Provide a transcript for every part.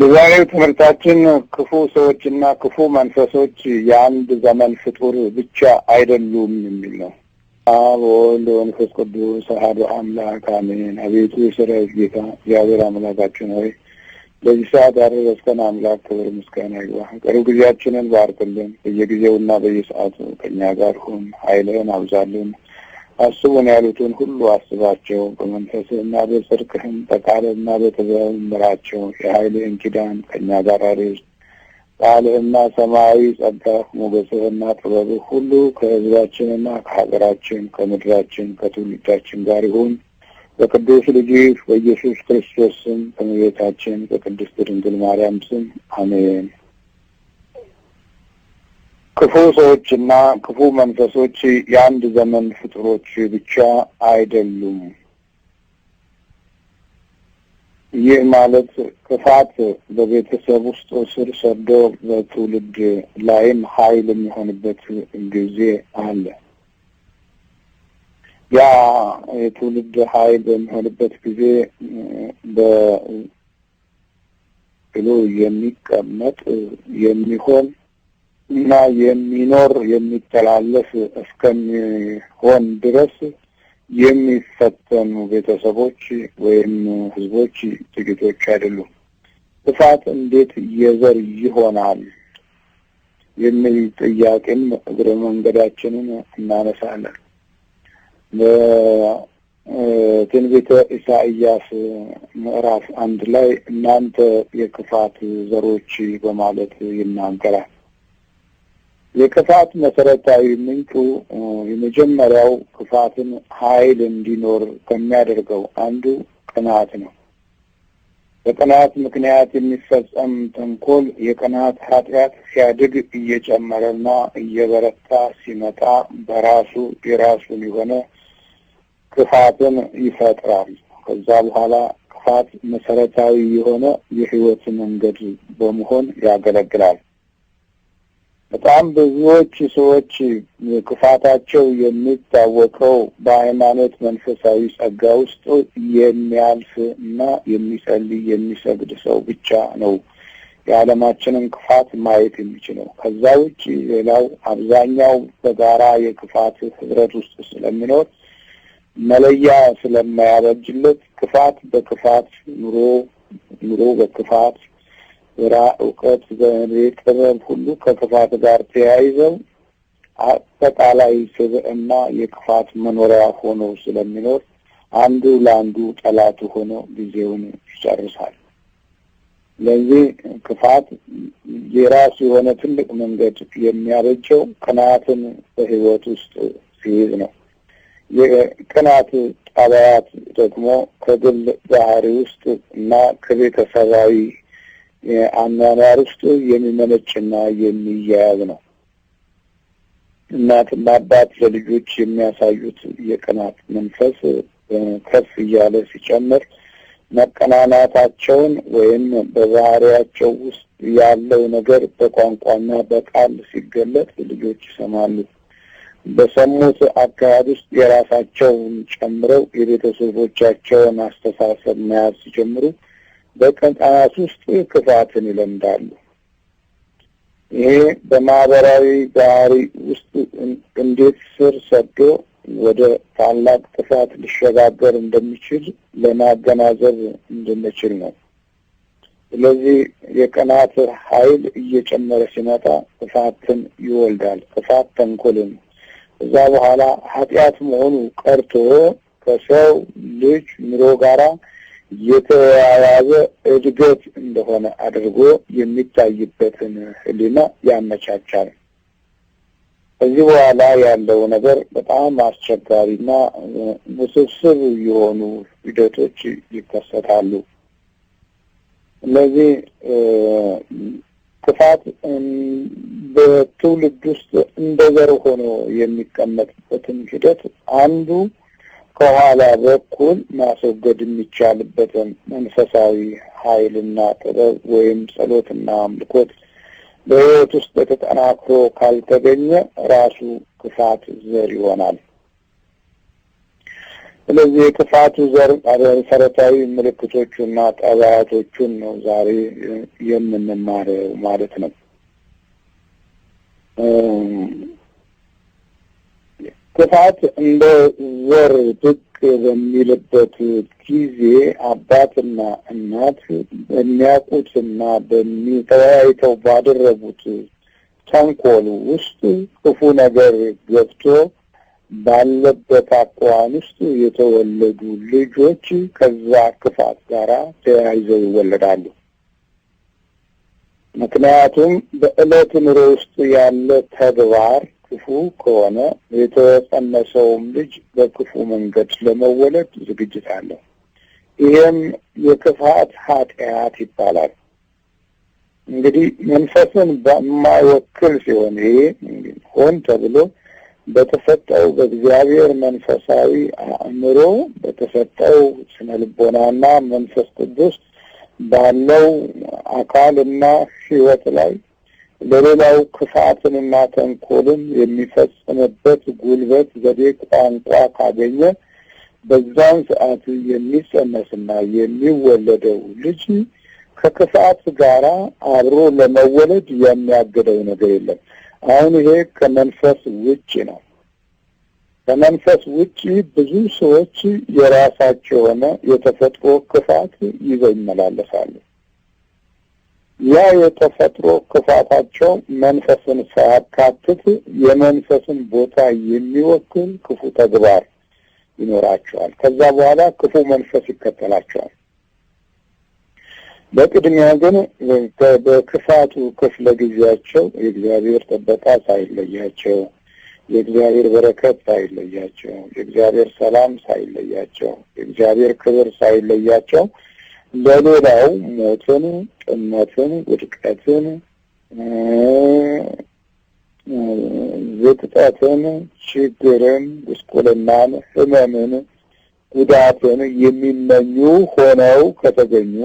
የዛሬው ትምህርታችን ክፉ ሰዎችና ክፉ መንፈሶች የአንድ ዘመን ፍጡር ብቻ አይደሉም የሚል ነው። አብ ወወልድ ወመንፈስ ቅዱስ አሐዱ አምላክ አሜን። አቤቱ የሰራዊት ጌታ እግዚአብሔር አምላካችን ሆይ በዚህ ሰዓት ያደረስከን አምላክ ክብር ምስጋና ይግባ። ቅርብ ጊዜያችንን ባርክልን። በየጊዜውና በየሰዓቱ ከእኛ ጋር ሁን። ኃይልህን አብዛልን። አስቡን ያሉትን ሁሉ አስባቸው። በመንፈስህና በጽድቅህም በቃልህና በጥበብ ምራቸው። የኃይልህን ኪዳን ከእኛ ጋር አድርግ። ቃልህና ሰማያዊ ጸጋህ ሞገስህና ጥበብህ ሁሉ ከህዝባችንና ከሀገራችን ከምድራችን ከትውልዳችን ጋር ይሁን። በቅዱስ ልጅህ በኢየሱስ ክርስቶስ ስም በመቤታችን በቅድስት ድንግል ማርያም ስም አሜን። ክፉ ሰዎችና ክፉ መንፈሶች የአንድ ዘመን ፍጥሮች ብቻ አይደሉም። ይህ ማለት ክፋት በቤተሰብ ውስጥ ስር ሰዶ በትውልድ ላይም ኃይል የሚሆንበት ጊዜ አለ። ያ የትውልድ ኃይል በሚሆንበት ጊዜ በብሎ የሚቀመጥ የሚሆን እና የሚኖር የሚተላለፍ እስከሚሆን ድረስ የሚፈተኑ ቤተሰቦች ወይም ህዝቦች ጥቂቶች አይደሉም። ጥፋት እንዴት የዘር ይሆናል የሚል ጥያቄም እግረ መንገዳችንን እናነሳለን። በትንቢተ ኢሳይያስ ምዕራፍ አንድ ላይ እናንተ የክፋት ዘሮች በማለት ይናገራል። የክፋት መሰረታዊ ምንጩ የመጀመሪያው ክፋትን ኃይል እንዲኖር ከሚያደርገው አንዱ ቅናት ነው። በቅናት ምክንያት የሚፈጸም ተንኮል የቅናት ኃጢአት ሲያድግ እየጨመረና እየበረታ ሲመጣ በራሱ የራሱን የሆነ ክፋትን ይፈጥራል። ከዛ በኋላ ክፋት መሰረታዊ የሆነ የህይወት መንገድ በመሆን ያገለግላል። በጣም ብዙዎች ሰዎች ክፋታቸው የሚታወቀው በሃይማኖት መንፈሳዊ ጸጋ ውስጥ የሚያልፍ እና የሚጸልይ የሚሰግድ ሰው ብቻ ነው የዓለማችንን ክፋት ማየት የሚችለው። ከዛ ውጭ ሌላው አብዛኛው በጋራ የክፋት ህብረት ውስጥ ስለሚኖር መለያ ስለማያበጅለት ክፋት በክፋት ኑሮ ኑሮ በክፋት ስራ፣ እውቀት ዘመዴ ጥበብ ሁሉ ከክፋት ጋር ተያይዘው አጠቃላይ ስብዕና የክፋት መኖሪያ ሆኖ ስለሚኖር አንዱ ለአንዱ ጠላት ሆኖ ጊዜውን ይጨርሳል። ለዚህ ክፋት የራሱ የሆነ ትልቅ መንገድ የሚያበጀው ቅናትን በህይወት ውስጥ ሲይዝ ነው። የቅናት ጠባያት ደግሞ ከግል ባህሪ ውስጥ እና ከቤተሰባዊ አኗኗር ውስጥ የሚመነጭና የሚያያዝ ነው። እናትና አባት ለልጆች የሚያሳዩት የቅናት መንፈስ ከፍ እያለ ሲጨምር መቀናናታቸውን ወይም በባህሪያቸው ውስጥ ያለው ነገር በቋንቋና በቃል ሲገለጥ ልጆች ይሰማሉ። በሰሙት አካባቢ ውስጥ የራሳቸውን ጨምረው የቤተሰቦቻቸውን አስተሳሰብ መያዝ ሲጀምሩ በቀን ቀናት ውስጥ ክፋትን ይለምዳሉ። ይሄ በማህበራዊ ባህሪ ውስጥ እንዴት ስር ሰዶ ወደ ታላቅ ጥፋት ሊሸጋገር እንደሚችል ለማገናዘብ እንድንችል ነው። ስለዚህ የቅናት ኃይል እየጨመረ ሲመጣ ጥፋትን ይወልዳል። ጥፋት ተንኮልን እዛ በኋላ ኃጢአት መሆኑ ቀርቶ ከሰው ልጅ ኑሮ ጋራ የተያያዘ እድገት እንደሆነ አድርጎ የሚታይበትን ህሊና ያመቻቻል። ከዚህ በኋላ ያለው ነገር በጣም አስቸጋሪና ውስብስብ የሆኑ ሂደቶች ይከሰታሉ። እነዚህ ክፋት በትውልድ ውስጥ እንደ ዘር ሆኖ የሚቀመጥበትን ሂደት አንዱ ከኋላ በኩል ማስወገድ የሚቻልበትን መንፈሳዊ ኃይልና ጥበብ ወይም ጸሎትና አምልኮት በሕይወት ውስጥ በተጠናክሮ ካልተገኘ ራሱ ክፋት ዘር ይሆናል። ስለዚህ የክፋቱ ዘር መሰረታዊ ምልክቶቹና ጠባያቶቹን ነው ዛሬ የምንማረው ማለት ነው። ክፋት እንደ ዘር ብቅ በሚልበት ጊዜ አባትና እናት በሚያውቁትና በሚተወያይተው ባደረጉት ተንኮሉ ውስጥ ክፉ ነገር ገብቶ ባለበት አቋም ውስጥ የተወለዱ ልጆች ከዛ ክፋት ጋር ተያይዘው ይወለዳሉ። ምክንያቱም በዕለት ኑሮ ውስጥ ያለ ተግባር ክፉ ከሆነ የተጸነሰውም ልጅ በክፉ መንገድ ለመወለድ ዝግጅት አለው። ይህም የክፋት ኃጢአት ይባላል። እንግዲህ መንፈስን በማይወክል ሲሆን ይሄ ሆን ተብሎ በተሰጠው በእግዚአብሔር መንፈሳዊ አእምሮ በተሰጠው ስነ ልቦናና መንፈስ ቅዱስ ባለው አካልና ሕይወት ላይ ለሌላው ክፋትንና ተንኮልን የሚፈጽምበት ጉልበት ዘዴ፣ ቋንቋ ካገኘ በዛን ሰዓት የሚጸነስና የሚወለደው ልጅ ከክፋት ጋራ አብሮ ለመወለድ የሚያገደው ነገር የለም። አሁን ይሄ ከመንፈስ ውጭ ነው። ከመንፈስ ውጭ ብዙ ሰዎች የራሳቸው የሆነ የተፈጥሮ ክፋት ይዘው ይመላለሳሉ። ያ የተፈጥሮ ክፋታቸው መንፈስን ሳያካትት የመንፈስን ቦታ የሚወክል ክፉ ተግባር ይኖራቸዋል። ከዛ በኋላ ክፉ መንፈስ ይከተላቸዋል። በቅድሚያ ግን በክፋቱ ክፍለ ጊዜያቸው የእግዚአብሔር ጥበቃ ሳይለያቸው፣ የእግዚአብሔር በረከት ሳይለያቸው፣ የእግዚአብሔር ሰላም ሳይለያቸው፣ የእግዚአብሔር ክብር ሳይለያቸው ለሌላው ሞትን፣ ጥመትን፣ ውድቀትን፣ ዝቅጠትን፣ ችግርን፣ ጉስቁልናን፣ ህመምን ጉዳትን የሚመኙ ሆነው ከተገኙ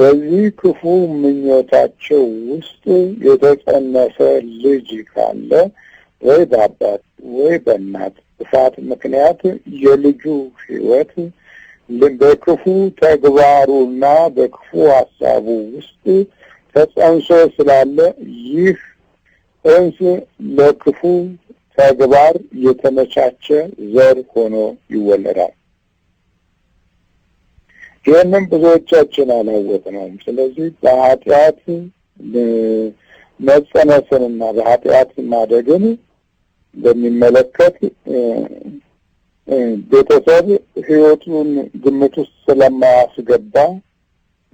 በዚህ ክፉ ምኞታቸው ውስጥ የተጸነሰ ልጅ ካለ ወይ በአባት ወይ በእናት ጥፋት ምክንያት የልጁ ህይወት በክፉ ተግባሩና በክፉ ሀሳቡ ውስጥ ተጸንሶ ስላለ ይህ እንስ ለክፉ ተግባር የተመቻቸ ዘር ሆኖ ይወለዳል። ይህንም ብዙዎቻችን አላወቅነውም። ስለዚህ በኃጢአት መጸነስንና በኃጢአት ማደግን በሚመለከት ቤተሰብ ህይወቱን ግምት ውስጥ ስለማያስገባ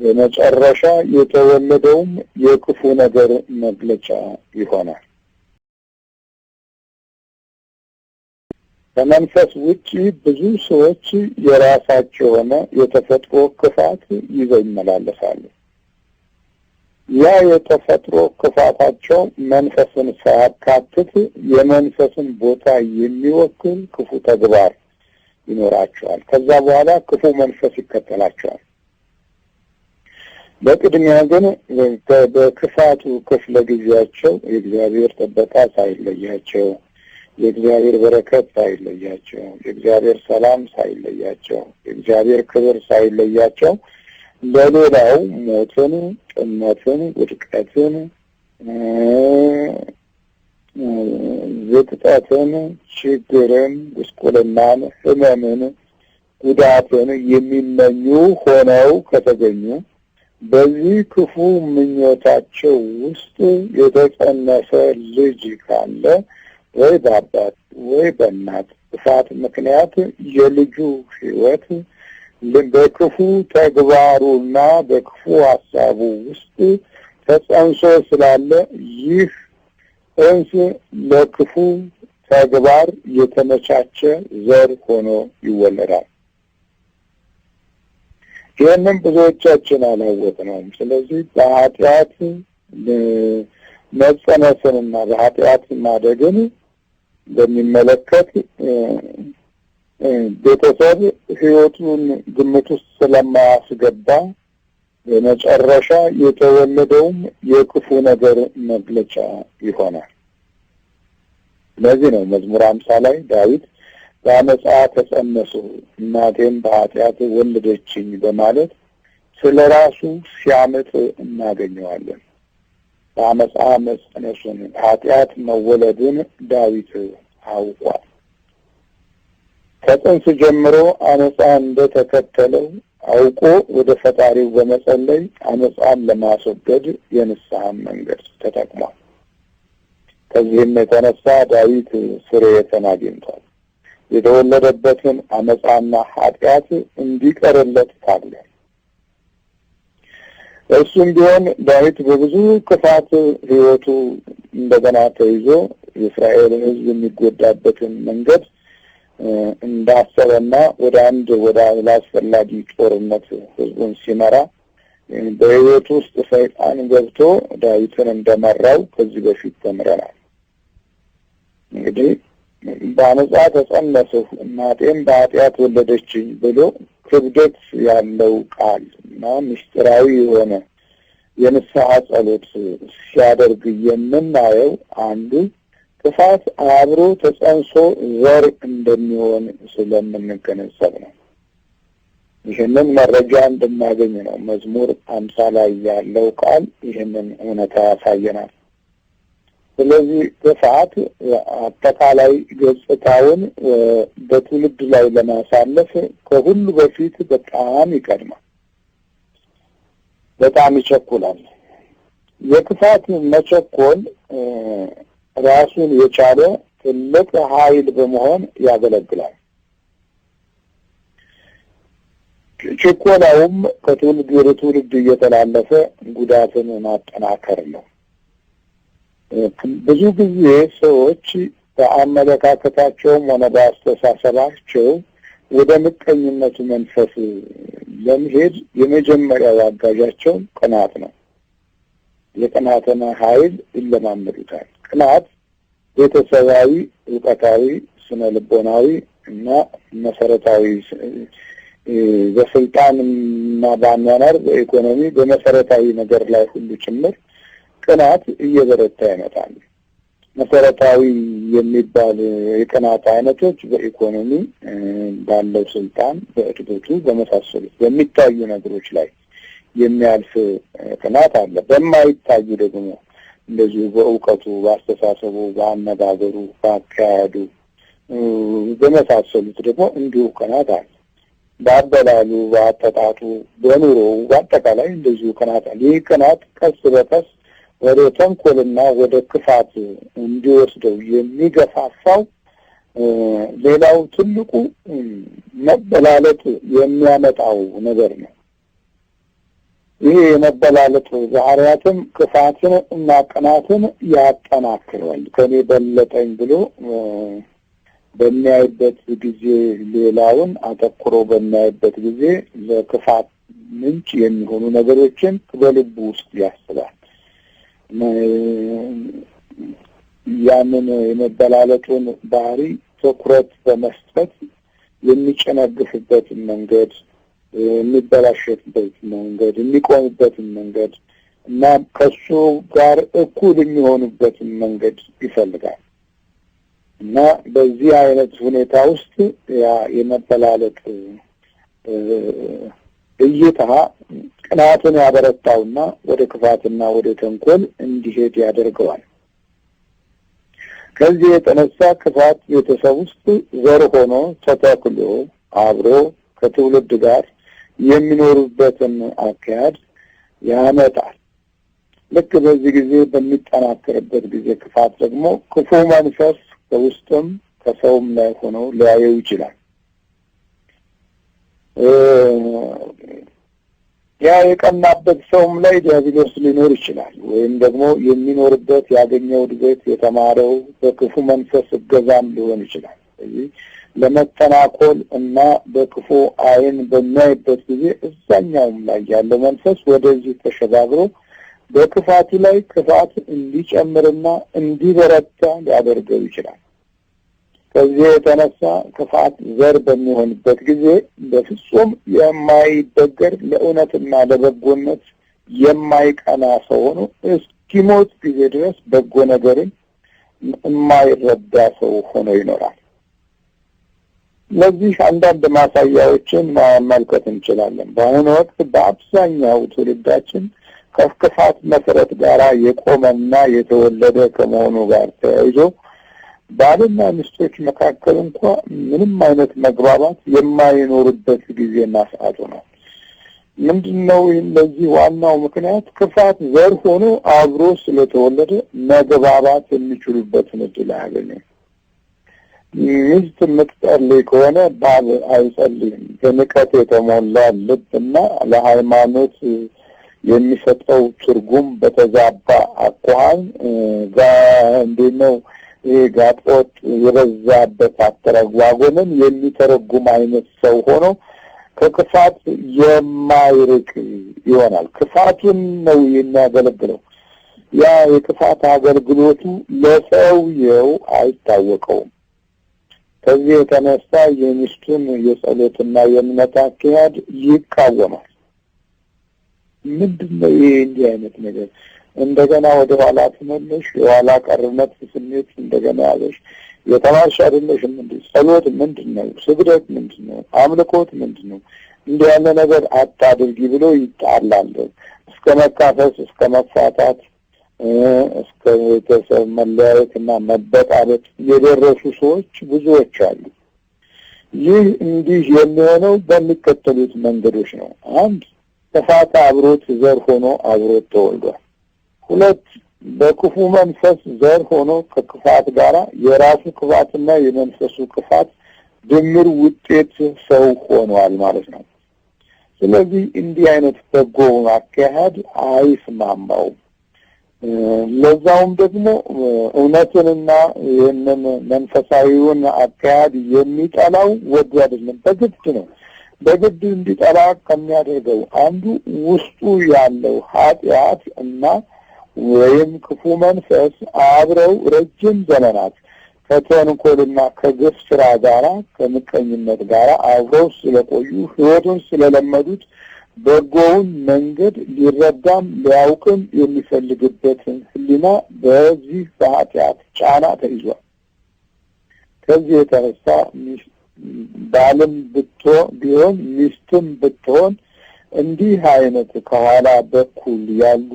በመጨረሻ የተወለደውም የክፉ ነገር መግለጫ ይሆናል። ከመንፈስ ውጪ ብዙ ሰዎች የራሳቸው የሆነ የተፈጥሮ ክፋት ይዘው ይመላለሳሉ። ያ የተፈጥሮ ክፋታቸው መንፈስን ሳያካትት የመንፈስን ቦታ የሚወክል ክፉ ተግባር ይኖራቸዋል። ከዛ በኋላ ክፉ መንፈስ ይከተላቸዋል። በቅድሚያ ግን በክፋቱ ክፍለ ጊዜያቸው የእግዚአብሔር ጥበቃ ሳይለያቸው፣ የእግዚአብሔር በረከት ሳይለያቸው፣ የእግዚአብሔር ሰላም ሳይለያቸው፣ የእግዚአብሔር ክብር ሳይለያቸው ለሌላው ሞትን፣ ጥመትን፣ ውድቀትን፣ ዝቅጠትን፣ ችግርን፣ ጉስቁልናን፣ ህመምን ጉዳትን የሚመኙ ሆነው ከተገኙ በዚህ ክፉ ምኞታቸው ውስጥ የተጸነሰ ልጅ ካለ ወይ በአባት ወይ በእናት ጥፋት ምክንያት የልጁ ህይወት በክፉ ተግባሩና በክፉ ሀሳቡ ውስጥ ተጸንሶ ስላለ ይህ እንስ ለክፉ ተግባር የተመቻቸ ዘር ሆኖ ይወለዳል። ይህንም ብዙዎቻችን አላወቅነውም። ስለዚህ በኃጢአት መጸነስንና በኃጢአት ማደግን በሚመለከት ቤተሰብ ህይወቱን ግምት ውስጥ ስለማያስገባ በመጨረሻ የተወለደውም የክፉ ነገር መግለጫ ይሆናል። ለዚህ ነው መዝሙር አምሳ ላይ ዳዊት በአመፃ ተጸነሱ እናቴም በኃጢአት ወለደችኝ በማለት ስለ ራሱ ሲያምጥ እናገኘዋለን። በአመፃ መጸነሱን ኃጢአት መወለዱን ዳዊት አውቋል። ከጥንት ጀምሮ አመፃ እንደተከተለው አውቆ ወደ ፈጣሪው በመጸለይ አመፃን ለማስወገድ የንስሐን መንገድ ተጠቅሟል። ከዚህም የተነሳ ዳዊት ስርየትን አግኝቷል። የተወለደበትን አመፃና ኃጢአት እንዲቀርለት ታለ። እርሱም ቢሆን ዳዊት በብዙ ክፋት ህይወቱ እንደገና ተይዞ የእስራኤል ህዝብ የሚጎዳበትን መንገድ እንዳሰበና ወደ አንድ ወደ አስፈላጊ ጦርነት ህዝቡን ሲመራ በህይወቱ ውስጥ ሰይጣን ገብቶ ዳዊትን እንደመራው ከዚህ በፊት ተምረናል። እንግዲህ በአመፃ ተጸነስሁ እናቴም በኃጢአት ወለደችኝ ብሎ ክብደት ያለው ቃል እና ምስጢራዊ የሆነ የንስሐ ጸሎት ሲያደርግ የምናየው አንዱ ክፋት አብሮ ተጸንሶ ዘር እንደሚሆን ስለምንገነዘብ ነው። ይህንን መረጃ እንድናገኝ ነው መዝሙር አምሳ ላይ ያለው ቃል ይህንን እውነታ ያሳየናል። ስለዚህ ክፋት አጠቃላይ ገጽታውን በትውልድ ላይ ለማሳለፍ ከሁሉ በፊት በጣም ይቀድማል፣ በጣም ይቸኩላል። የክፋት መቸኮል ራሱን የቻለ ትልቅ ኃይል በመሆን ያገለግላል። ችኮላውም ከትውልድ ወደ ትውልድ እየተላለፈ ጉዳትን ማጠናከር ነው። ብዙ ጊዜ ሰዎች በአመለካከታቸውም ሆነ በአስተሳሰባቸው ወደ ምቀኝነቱ መንፈስ ለመሄድ የመጀመሪያው አጋዣቸው ቅናት ነው። የቅናትን ኃይል ይለማመዱታል። ጥናት ቤተሰባዊ፣ እውቀታዊ፣ ስነ ልቦናዊ እና መሰረታዊ በስልጣን እና በአኗኗር በኢኮኖሚ በመሰረታዊ ነገር ላይ ሁሉ ጭምር ቅናት እየበረታ ይመጣል። መሰረታዊ የሚባል የቅናት አይነቶች በኢኮኖሚ ባለው ስልጣን፣ በእድገቱ፣ በመሳሰሉት በሚታዩ ነገሮች ላይ የሚያልፍ ቅናት አለ። በማይታዩ ደግሞ እንደዚሁ በእውቀቱ፣ በአስተሳሰቡ፣ በአነጋገሩ፣ በአካሄዱ በመሳሰሉት ደግሞ እንዲሁ ቅናት አለ። በአበላሉ፣ በአጠጣጡ፣ በኑሮው በአጠቃላይ እንደዚሁ ቅናት አለ። ይህ ቅናት ቀስ በቀስ ወደ ተንኮልና ወደ ክፋት እንዲወስደው የሚገፋፋው ሌላው ትልቁ መበላለጥ የሚያመጣው ነገር ነው። ይህ የመበላለጥ ባህሪያትም ክፋትን እና ቅናትን ያጠናክረዋል። ከኔ በለጠኝ ብሎ በሚያይበት ጊዜ ሌላውን አተኩሮ በሚያይበት ጊዜ ለክፋት ምንጭ የሚሆኑ ነገሮችን በልቡ ውስጥ ያስባል። ያንን የመበላለጡን ባህሪ ትኩረት በመስጠት የሚጨነግፍበትን መንገድ የሚበላሸበት መንገድ የሚቆምበትን መንገድ እና ከሱ ጋር እኩል የሚሆኑበትን መንገድ ይፈልጋል እና በዚህ አይነት ሁኔታ ውስጥ ያ የመበላለጥ እይታ ቅናትን ያበረታውና ወደ ክፋትና ወደ ተንኮል እንዲሄድ ያደርገዋል። ከዚህ የተነሳ ክፋት ቤተሰብ ውስጥ ዘር ሆኖ ተተክሎ አብሮ ከትውልድ ጋር የሚኖሩበትን አካሄድ ያመጣል። ልክ በዚህ ጊዜ በሚጠናከርበት ጊዜ ክፋት ደግሞ ክፉ መንፈስ ከውስጥም ከሰውም ላይ ሆኖ ሊያየው ይችላል። ያ የቀናበት ሰውም ላይ ዲያብሎስ ሊኖር ይችላል። ወይም ደግሞ የሚኖርበት ያገኘው እድገት የተማረው በክፉ መንፈስ እገዛም ሊሆን ይችላል። ስለዚህ ለመጠናኮል እና በክፉ አይን በሚያይበት ጊዜ እዛኛውም ላይ ያለው መንፈስ ወደዚህ ተሸጋግሮ በክፋቱ ላይ ክፋት እንዲጨምርና እንዲበረታ ሊያደርገው ይችላል። ከዚህ የተነሳ ክፋት ዘር በሚሆንበት ጊዜ በፍጹም የማይበገር ለእውነትና ለበጎነት የማይቀና ሰው ሆኖ እስኪሞት ጊዜ ድረስ በጎ ነገርን የማይረዳ ሰው ሆኖ ይኖራል። ለዚህ አንዳንድ ማሳያዎችን መመልከት እንችላለን። በአሁኑ ወቅት በአብዛኛው ትውልዳችን ከክፋት መሰረት ጋር የቆመና የተወለደ ከመሆኑ ጋር ተያይዞ ባልና ሚስቶች መካከል እንኳ ምንም አይነት መግባባት የማይኖርበት ጊዜና ሰዓቱ ነው። ምንድን ነው ለዚህ ዋናው ምክንያት? ክፋት ዘር ሆኖ አብሮ ስለተወለደ መግባባት የሚችሉበትን እድል አያገኙም። ሚስት የምትጸልይ ከሆነ ባል አይጸልይም። በንቀት የተሞላ ልብ ልብና ለሃይማኖት የሚሰጠው ትርጉም በተዛባ አኳኋን እንዴት ነው ይህ ጋጦት የበዛበት አተረጓጎምን የሚተረጉም አይነት ሰው ሆኖ ከክፋት የማይርቅ ይሆናል። ክፋትን ነው የሚያገለግለው። ያ የክፋት አገልግሎቱ ለሰውየው አይታወቀውም። ከዚህ የተነሳ የሚስቱን የጸሎትና የእምነት አካሄድ ይቃወማል። ምንድን ነው ይህ እንዲህ አይነት ነገር? እንደገና ወደ ኋላ ትመለሽ፣ የኋላ ቀርነት ስሜት እንደገና ያዘሽ። የተማርሽ አይደለሽ። ምንድ ጸሎት ምንድን ነው? ስግደት ምንድን ነው? አምልኮት ምንድን ነው? እንዲህ ያለ ነገር አታድርጊ ብሎ ይጣላል። እስከ መካፈስ እስከ መፋታት እስከ ቤተሰብ መለያየት እና መበጣበጥ የደረሱ ሰዎች ብዙዎች አሉ። ይህ እንዲህ የሚሆነው በሚከተሉት መንገዶች ነው። አንድ ጥፋት አብሮት ዘር ሆኖ አብሮት ተወልዷል። ሁለት በክፉ መንፈስ ዘር ሆኖ ከክፋት ጋራ የራሱ ክፋትና የመንፈሱ ክፋት ድምር ውጤት ሰው ሆኗል ማለት ነው። ስለዚህ እንዲህ አይነት በጎውን አካሄድ አይስማማውም። ለዛውም ደግሞ እውነትንና ይህንን መንፈሳዊውን አካሄድ የሚጠላው ወዱ አይደለም፣ በግድ ነው። በግድ እንዲጠላ ከሚያደርገው አንዱ ውስጡ ያለው ኃጢአት እና ወይም ክፉ መንፈስ አብረው ረጅም ዘመናት ከተንኮልና ከግፍ ስራ ጋራ ከምቀኝነት ጋራ አብረው ስለቆዩ ህይወቱን ስለለመዱት በጎውን መንገድ ሊረዳም ሊያውቅም የሚፈልግበትን ህሊና በዚህ በኃጢአት ጫና ተይዟል። ከዚህ የተነሳ ባልም ቢሆን ሚስትም ብትሆን እንዲህ አይነት ከኋላ በኩል ያሉ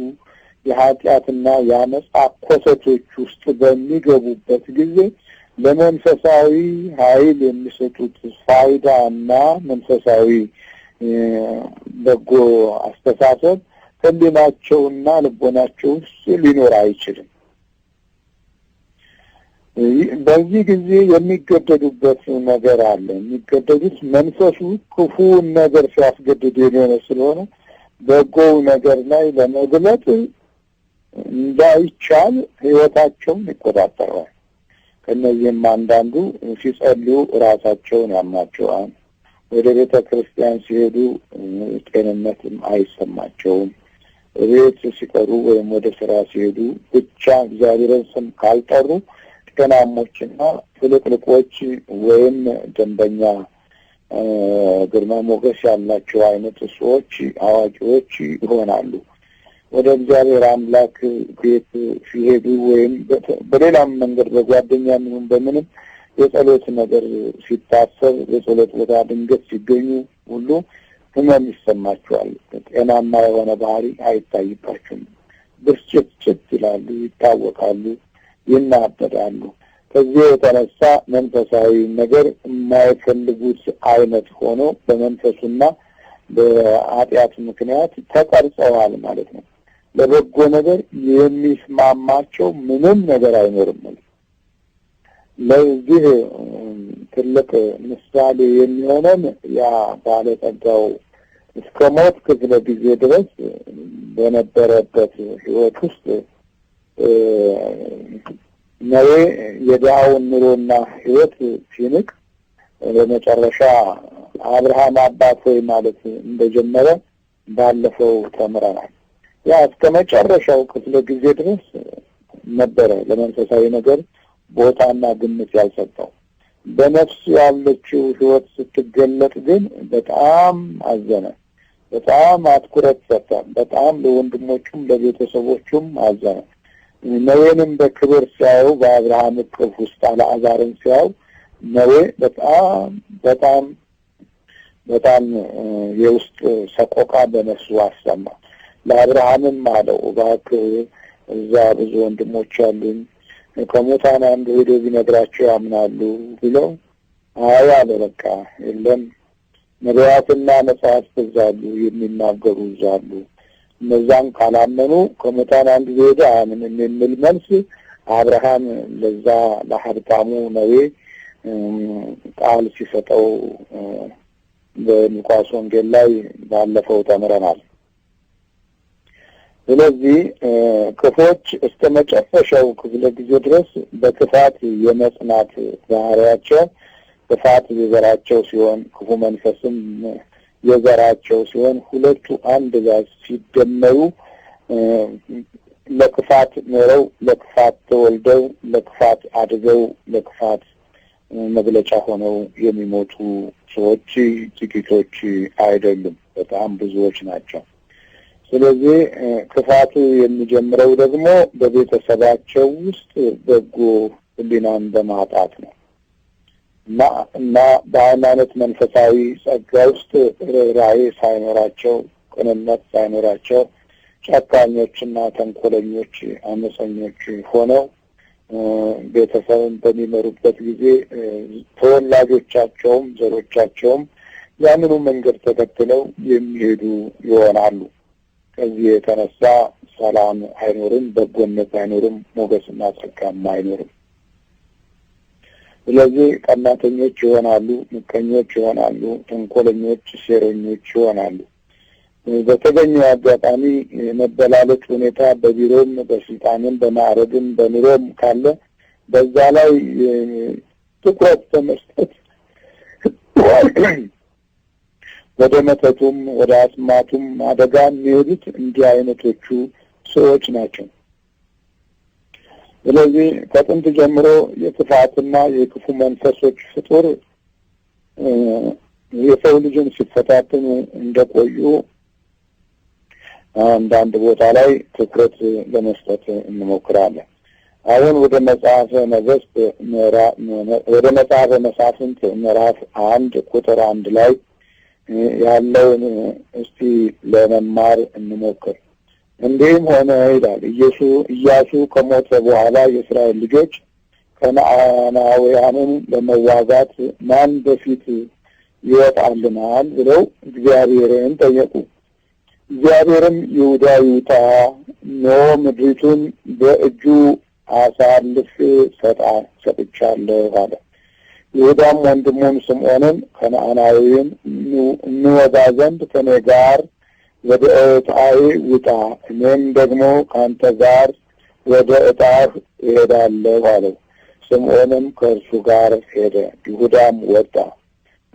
የኃጢአትና የአመፃ ኮተቶች ውስጥ በሚገቡበት ጊዜ ለመንፈሳዊ ኃይል የሚሰጡት ፋይዳ እና መንፈሳዊ በጎ አስተሳሰብ ህሊናቸውና ልቦናቸው ውስጥ ሊኖር አይችልም። በዚህ ጊዜ የሚገደዱበት ነገር አለ። የሚገደዱት መንፈሱ ክፉውን ነገር ሲያስገድድ የሆነ ስለሆነ በጎው ነገር ላይ ለመግለጥ እንዳይቻል ህይወታቸውን ይቆጣጠረዋል። ከእነዚህም አንዳንዱ ሲጸልዩ ራሳቸውን ያማቸዋል። ወደ ቤተ ክርስቲያን ሲሄዱ ጤንነትም አይሰማቸውም። ቤት ሲቀሩ ወይም ወደ ስራ ሲሄዱ ብቻ እግዚአብሔርን ስም ካልጠሩ ጤናሞችና ፍልቅልቆች ወይም ደንበኛ ግርማ ሞገስ ያላቸው አይነት ሰዎች አዋቂዎች ይሆናሉ። ወደ እግዚአብሔር አምላክ ቤት ሲሄዱ ወይም በሌላም መንገድ በጓደኛ ይሁን በምንም የጸሎት ነገር ሲታሰብ የጸሎት ቦታ ድንገት ሲገኙ ሁሉ ህመም ይሰማቸዋል። ጤናማ የሆነ ባህሪ አይታይባቸውም። ብስጭትጭት ይላሉ፣ ይታወቃሉ፣ ይናበዳሉ። ከዚህ የተነሳ መንፈሳዊ ነገር የማይፈልጉት አይነት ሆኖ በመንፈሱና በኃጢአት ምክንያት ተቀርጸዋል ማለት ነው። ለበጎ ነገር የሚስማማቸው ምንም ነገር አይኖርም። ለዚህ ትልቅ ምሳሌ የሚሆነን ያ ባለጸጋው እስከ ሞት ክፍለ ጊዜ ድረስ በነበረበት ህይወት ውስጥ ነዌ የድሃውን ኑሮና ህይወት ሲንቅ በመጨረሻ አብርሃም አባት ወይ ማለት እንደጀመረ ባለፈው ተምረናል። ያ እስከ መጨረሻው ክፍለ ጊዜ ድረስ ነበረ ለመንፈሳዊ ነገር ቦታና ግምት ያልሰጠው በነፍሱ ያለችው ህይወት ስትገለጥ ግን በጣም አዘነ። በጣም አትኩረት ሰጠ። በጣም ለወንድሞቹም ለቤተሰቦቹም አዘነ። ነዌንም በክብር ሲያየው በአብርሃም እቅፍ ውስጥ አልዓዛርን ሲያው ነዌ በጣም በጣም በጣም የውስጥ ሰቆቃ በነፍሱ አሰማ። ለአብርሃምም አለው እባክህ እዛ ብዙ ወንድሞች ያሉኝ ከሞታን አንድ ሄዶ ቢነግራቸው ያምናሉ ብለው አይ አለ። በቃ የለም ነቢያትና መጽሐፍት እዛሉ የሚናገሩ እዛሉ እነዛን ካላመኑ ከሞታን አንድ ሄደ አያምንም የሚል መልስ አብርሃም ለዛ ለሀብታሙ ነዌ ቃል ሲሰጠው በሉቃስ ወንጌል ላይ ባለፈው ተምረናል። ስለዚህ ክፎች እስከ መጨረሻው ክፍለ ጊዜ ድረስ በክፋት የመጽናት ባህሪያቸው ክፋት የዘራቸው ሲሆን ክፉ መንፈስም የዘራቸው ሲሆን ሁለቱ አንድ ጋር ሲደመሩ ለክፋት ኖረው ለክፋት ተወልደው ለክፋት አድገው ለክፋት መግለጫ ሆነው የሚሞቱ ሰዎች ጥቂቶች አይደሉም፣ በጣም ብዙዎች ናቸው። ስለዚህ ክፋቱ የሚጀምረው ደግሞ በቤተሰባቸው ውስጥ በጎ ህሊናን በማጣት ነው እና እና በሃይማኖት መንፈሳዊ ጸጋ ውስጥ ርኅራኄ ሳይኖራቸው ቅንነት ሳይኖራቸው ጨካኞችና ተንኮለኞች አመፀኞች ሆነው ቤተሰብን በሚመሩበት ጊዜ ተወላጆቻቸውም ዘሮቻቸውም ያንኑ መንገድ ተከትለው የሚሄዱ ይሆናሉ። ከዚህ የተነሳ ሰላም አይኖርም፣ በጎነት አይኖርም፣ ሞገስና ጸጋም አይኖርም። ስለዚህ ቀናተኞች ይሆናሉ፣ ምቀኞች ይሆናሉ፣ ተንኮለኞች፣ ሴረኞች ይሆናሉ። በተገኘ አጋጣሚ የመበላለጥ ሁኔታ በቢሮም፣ በስልጣንም፣ በማዕረግም፣ በኑሮም ካለ በዛ ላይ ትኩረት በመስጠት ወደ መተቱም ወደ አስማቱም አደጋ የሚሄዱት እንዲህ አይነቶቹ ሰዎች ናቸው። ስለዚህ ከጥንት ጀምሮ የጥፋትና የክፉ መንፈሶች ፍጡር የሰው ልጅን ሲፈታተኑ እንደቆዩ አንዳንድ ቦታ ላይ ትኩረት ለመስጠት እንሞክራለን። አሁን ወደ መጽሐፈ ነገሥት ወደ መጽሐፈ መሳፍንት ምዕራፍ አንድ ቁጥር አንድ ላይ ያለውን እስቲ ለመማር እንሞክር። እንዲህም ሆነ ይላል ኢየሱ ኢያሱ ከሞተ በኋላ የእስራኤል ልጆች ከነአናውያንን ለመዋጋት ማን በፊት ይወጣልናል ብለው እግዚአብሔርን ጠየቁ። እግዚአብሔርም ይሁዳ ይውጣ፣ እነሆ ምድሪቱን በእጁ ሰጣ ሰጥቻለሁ አለ። ይሁዳም ወንድሙም ስምዖንን ከነአናዊን እንወጋ ዘንድ ከኔ ጋር ወደ ዕጣዬ ውጣ፣ እኔም ደግሞ ከአንተ ጋር ወደ ዕጣህ እሄዳለሁ አለው። ስምዖንም ከእርሱ ጋር ሄደ፣ ይሁዳም ወጣ።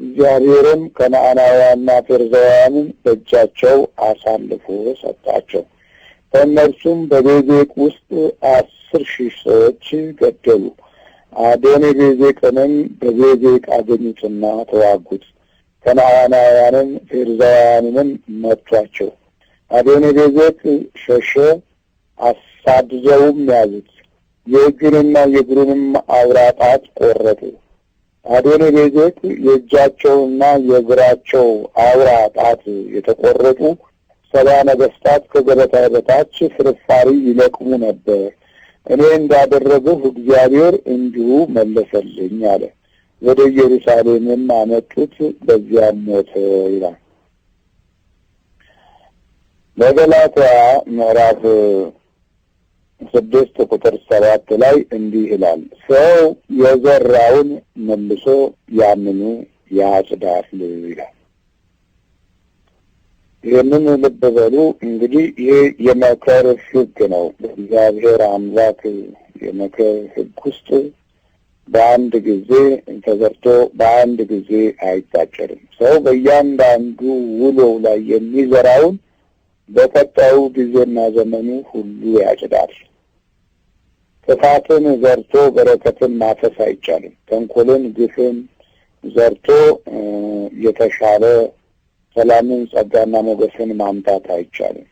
እግዚአብሔርም ከነአናውያንና ፌርዛውያንን በእጃቸው አሳልፎ ሰጣቸው። ከእነርሱም በቤዜቅ ውስጥ አስር ሺህ ሰዎች ገደሉ። ቤዜ ቤዜቅንም በቤዜቅ አገኙትና ተዋጉት። ከነዓናውያንም ፌርዛውያንንም መቷቸው። አዶኔ ቤዜቅ ሸሸ፣ አሳድዘውም ያዙት። የእጁንና የእግሩንም አውራጣት ቆረጡ። አዶኔ ቤዜቅ የእጃቸውና የእግራቸው አውራ ጣት የተቆረጡ ሰባ ነገስታት ከገበታ በታች ፍርፋሪ ይለቅሙ ነበር። እኔ እንዳደረግሁ እግዚአብሔር እንዲሁ መለሰልኝ አለ። ወደ ኢየሩሳሌምም አመጡት፣ በዚያም ሞተ ይላል። በገላትያ ምዕራፍ ስድስት ቁጥር ሰባት ላይ እንዲህ ይላል፣ ሰው የዘራውን መልሶ ያምኑ ያጽዳፍል ይላል። ይህንን ልብ በሉ እንግዲህ ይህ የመከር ህግ ነው። በእግዚአብሔር አምላክ የመከር ህግ ውስጥ በአንድ ጊዜ ተዘርቶ በአንድ ጊዜ አይታጨርም። ሰው በእያንዳንዱ ውሎ ላይ የሚዘራውን በቀጣዩ ጊዜና ዘመኑ ሁሉ ያጭዳል። ጥፋትን ዘርቶ በረከትን ማፈስ አይቻልም። ተንኮልን፣ ግፍን ዘርቶ የተሻለ ሰላምን ጸጋና ሞገስን ማምጣት አይቻልም።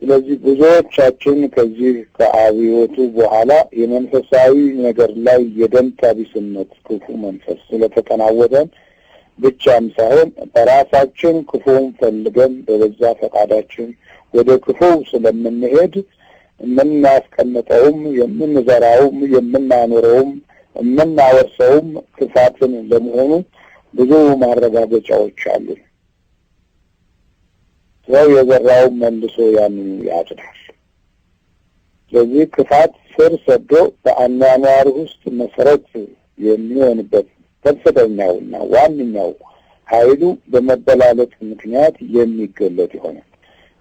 ስለዚህ ብዙዎቻችን ከዚህ ከአብዮቱ በኋላ የመንፈሳዊ ነገር ላይ የደንታ ቢስነት ክፉ መንፈስ ስለተጠናወተን ብቻም ሳይሆን በራሳችን ክፉውን ፈልገን በበዛ ፈቃዳችን ወደ ክፉው ስለምንሄድ የምናስቀምጠውም የምንዘራውም የምናኖረውም የምናወርሰውም ክፋትን ለመሆኑ ብዙ ማረጋገጫዎች አሉን። ሰው የዘራውን መልሶ ያንኑ ያጭዳል። ስለዚህ ክፋት ስር ሰዶ በአኗኗር ውስጥ መሰረት የሚሆንበት ከፍተኛውና ዋነኛው ኃይሉ በመበላለጥ ምክንያት የሚገለጥ ይሆናል።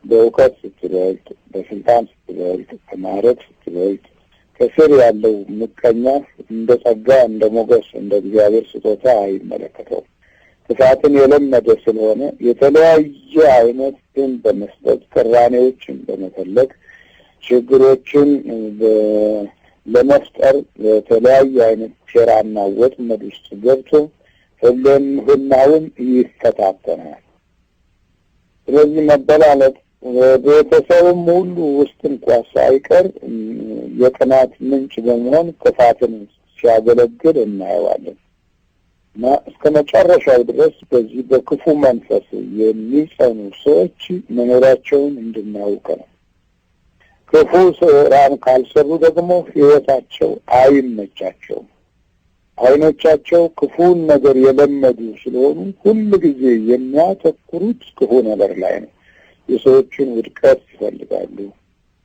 በእውቀት ስትበልጥ፣ በስልጣን ስትበልጥ፣ በማዕረግ ስትበልጥ ከስር ያለው ምቀኛ እንደ ጸጋ፣ እንደ ሞገስ፣ እንደ እግዚአብሔር ስጦታ አይመለከተውም። ጥፋትን የለመደ ስለሆነ የተለያየ አይነት ግን በመስጠት ቅራኔዎችን በመፈለግ ችግሮችን ለመፍጠር የተለያየ አይነት ሴራና ወጥመድ ውስጥ ገብቶ ሁሌም ህናውን ይፈታተናል። ስለዚህ መበላለት ቤተሰብም ሁሉ ውስጥ እንኳ ሳይቀር የቅናት ምንጭ በመሆን ጥፋትን ሲያገለግል እናየዋለን። እና እስከ መጨረሻው ድረስ በዚህ በክፉ መንፈስ የሚጸኑ ሰዎች መኖራቸውን እንድናውቅ ነው። ክፉ ስራን ካልሰሩ ደግሞ ሕይወታቸው አይመቻቸውም። አይኖቻቸው ክፉን ነገር የለመዱ ስለሆኑ ሁል ጊዜ የሚያተኩሩት ክፉ ነገር ላይ ነው። የሰዎችን ውድቀት ይፈልጋሉ።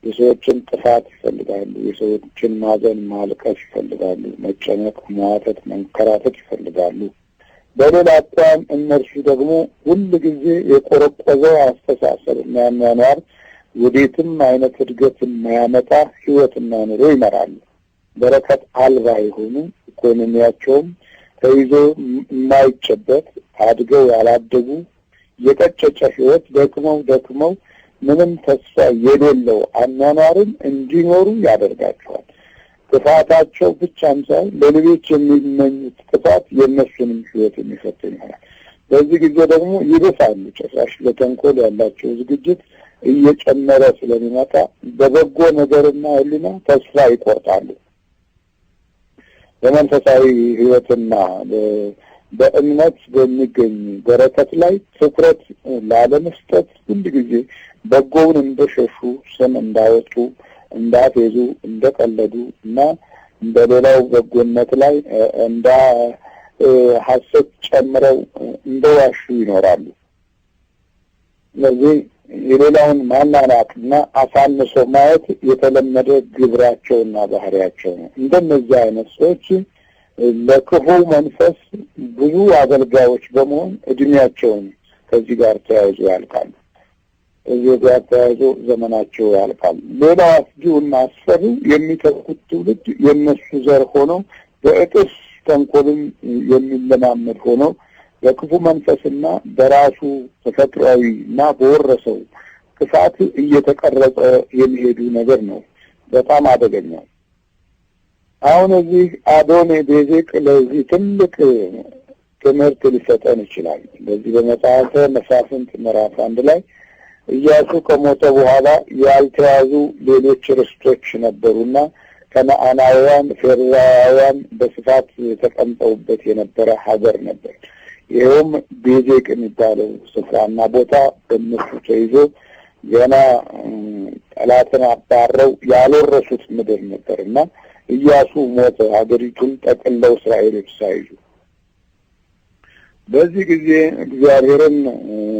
የሰዎችን ጥፋት ይፈልጋሉ። የሰዎችን ማዘን፣ ማልቀስ ይፈልጋሉ። መጨነቅ፣ መዋተት፣ መንከራተት ይፈልጋሉ። በሌላ አቋም እነርሱ ደግሞ ሁል ጊዜ የቆረቆዘ አስተሳሰብ አኗኗር ወዴትም አይነት እድገት የማያመጣ ህይወትና ኑሮ ይመራሉ። በረከት አልባ የሆኑ ኢኮኖሚያቸውም ተይዞ የማይጨበት አድገው ያላደጉ የቀጨጨ ህይወት ደክመው ደክመው ምንም ተስፋ የሌለው አኗኗርን እንዲኖሩ ያደርጋቸዋል። ጥፋታቸው ብቻም ሳይሆን ለሌሎች የሚመኙት ጥፋት የእነሱንም ህይወት የሚፈትን ይሆናል። በዚህ ጊዜ ደግሞ ይብሳሉ። ጭራሽ ለተንኮል ያላቸው ዝግጅት እየጨመረ ስለሚመጣ በበጎ ነገርና ህሊና ተስፋ ይቆርጣሉ። በመንፈሳዊ ህይወትና በእምነት በሚገኝ በረከት ላይ ትኩረት ላለመስጠት ሁል ጊዜ በጎውን እንደሸሹ ስም እንዳወጡ እንዳፌዙ እንደቀለዱ እና በሌላው በጎነት ላይ እንዳ ሐሰት ጨምረው እንደዋሹ ይኖራሉ። ስለዚህ የሌላውን ማናናቅና አሳንሶ ማየት የተለመደ ግብራቸውና ባህሪያቸው ነው። እንደነዚህ አይነት ሰዎች ለክፉ መንፈስ ብዙ አገልጋዮች በመሆን እድሜያቸውን ከዚህ ጋር ተያይዞ ያልቃሉ። እየዚህ ዘመናቸው ያልፋል። ሌላው አስጊውና አሰሩ የሚተኩት ትውልድ የእነሱ ዘር ሆኖ በእጥፍ ተንኮልም የሚለማመድ ሆኖ በክፉ መንፈስና በራሱ ተፈጥሯዊ እና በወረሰው ክፋት እየተቀረጸ የሚሄዱ ነገር ነው። በጣም አደገኛው አሁን እዚህ አዶኔ ቤዜቅ ለዚህ ትልቅ ትምህርት ሊሰጠን ይችላል። በዚህ በመጽሐፈ መሳፍንት ምዕራፍ አንድ ላይ እያሱ ከሞተ በኋላ ያልተያዙ ሌሎች ርስቶች ነበሩና ከነአናውያን፣ ፌርዛውያን በስፋት ተቀምጠውበት የነበረ ሀገር ነበር። ይኸውም ቤዜቅ የሚባለው ስፍራና ቦታ በእነሱ ተይዞ ገና ጠላትን አባረው ያልወረሱት ምድር ነበር እና እያሱ ሞተ። ሀገሪቱን ጠቅለው እስራኤሎች ሳይዙ በዚህ ጊዜ እግዚአብሔርን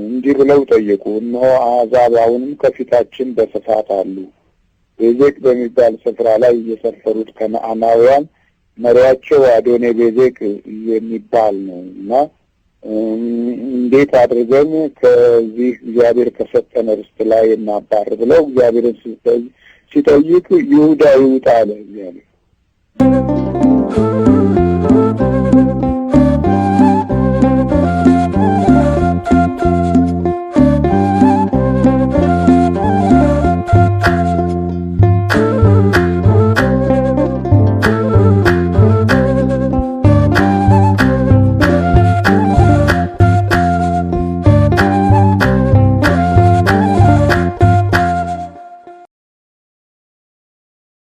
እንዲህ ብለው ጠየቁ፣ እነሆ አሕዛብ አሁንም ከፊታችን በስፋት አሉ። ቤዜቅ በሚባል ስፍራ ላይ የሰፈሩት ከነዓናውያን መሪያቸው አዶኔ ቤዜቅ የሚባል ነው እና እንዴት አድርገን ከዚህ እግዚአብሔር ከሰጠነ ርስት ላይ እናባር ብለው እግዚአብሔርን ሲጠይቅ ይሁዳ ይውጣ አለ እግዚአብሔር።